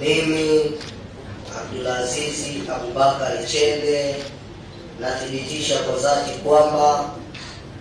mimi Abdulazizi Abubakar Chende nathibitisha kwa dhati kwamba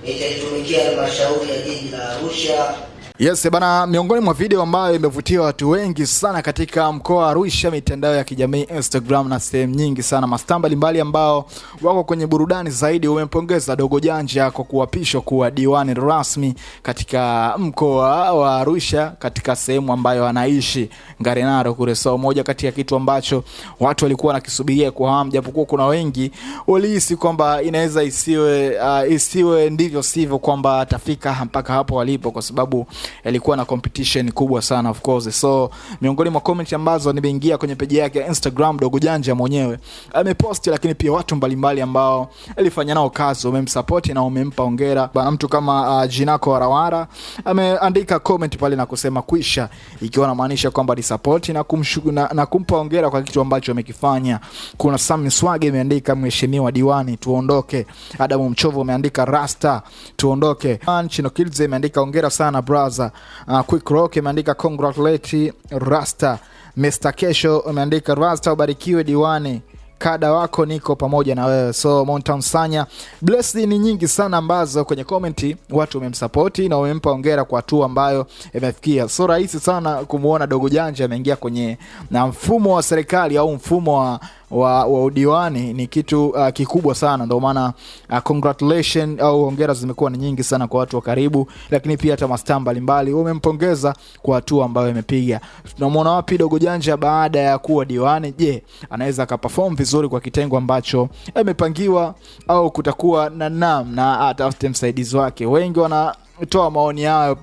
nitaitumikia halmashauri ya jiji la Arusha Yes, bana, miongoni mwa video ambayo imevutia watu wengi sana katika mkoa wa Arusha, mitandao ya kijamii Instagram na sehemu nyingi sana, mastaa mbalimbali ambao wako kwenye burudani zaidi umempongeza Dogo Janja kwa kuapishwa kuwa diwani rasmi katika mkoa wa Arusha, katika sehemu ambayo anaishi Ngarenaro kule. So moja kati ya kitu ambacho watu walikuwa wanakisubiria kwa hamu, japokuwa kuna wengi walihisi kwamba inaweza isiwe, uh, isiwe ndivyo sivyo kwamba atafika mpaka hapo walipo kwa sababu yalikuwa na competition kubwa sana of course. So miongoni mwa comment ambazo nimeingia kwenye page yake ya Instagram, Dogo Janja mwenyewe amepost, lakini pia watu mbalimbali mbali ambao alifanya nao kazi wamemsupport na wamempa hongera bana. Mtu kama uh, Jinako Warawara ameandika comment pale na kusema kwisha, ikiwa namaanisha kwamba ni support na, kumshukuru na, na kumpa hongera kwa kitu ambacho amekifanya. Kuna Sam Swage ameandika mheshimiwa diwani tuondoke. Adamu Mchovu ameandika rasta tuondoke. Chino Kilze ameandika hongera sana bros kwanza Uh, Quick Rock imeandika congratulate Rasta. Mr Kesho imeandika Rasta ubarikiwe diwani kada wako niko pamoja na wewe. So Montan Sanya, blessed ni nyingi sana ambazo kwenye komenti watu wamemsapoti na wamempa ongera kwa hatua ambayo imefikia. So rahisi sana kumwona Dogo Janja ameingia kwenye na uh, mfumo wa serikali au mfumo wa wa, wa udiwani ni kitu uh, kikubwa sana. Ndio maana uh, congratulation au uh, hongera zimekuwa ni nyingi sana kwa watu wa karibu, lakini pia hata mastaa mbalimbali wamempongeza kwa hatua ambayo amepiga Tunamwona wapi Dogo Janja baada ya kuwa diwani? Je, anaweza akapafom vizuri kwa kitengo ambacho amepangiwa au kutakuwa na namna uh, atafute msaidizi wake? Wengi wana toa maoni yayo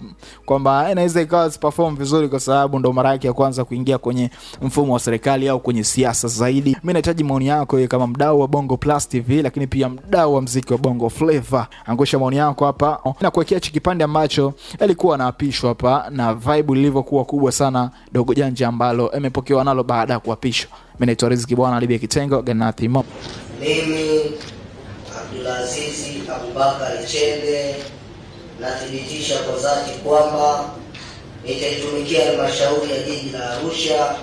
kwamba inaweza ikawa perform vizuri kwa sababu ndo mara yake ya kwanza kuingia kwenye mfumo wa serikali au kwenye siasa zaidi. Mi nahitaji maoni yako kama mdau wa Bongo Plus TV, lakini pia mdau wa mziki wa Bongo Flava. Angusha maoni yako hapa na kuwekea chi kipande ambacho alikuwa anaapishwa hapa na vibe lilivyokuwa kubwa sana, dogo janja ambalo amepokewa nalo baada ya kuapishwa. Mi naitwa Riziki Bwana Libia Kitengo Ganathimo, Mimi Abdulaziz Abubakar Chende nathibitisha kwa dhati kwamba nitaitumikia halmashauri ya jiji la Arusha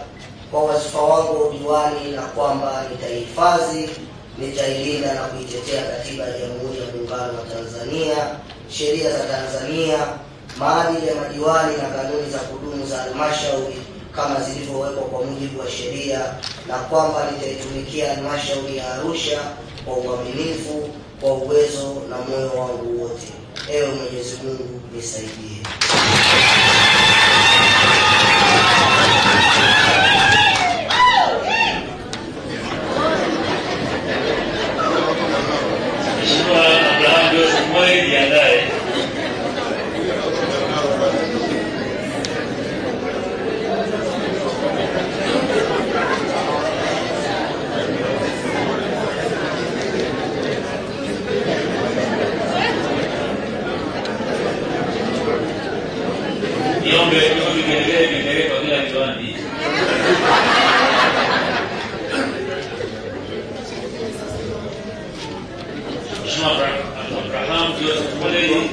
kwa wasifa wangu diwani, na kwamba nitaihifadhi, nitailinda na kuitetea katiba ya Jamhuri ya Muungano wa Tanzania, sheria za Tanzania, maadili ya madiwani na kanuni za kudumu za halmashauri kama zilivyowekwa kwa mujibu wa sheria, na kwamba nitaitumikia halmashauri ya Arusha kwa uaminifu, kwa uwezo na moyo wangu wote. Ewe Mwenyezi Mungu nisaidie. nombre de Dios y me quede mi querido de la ciudadanía. الرحام جوزيف مولدي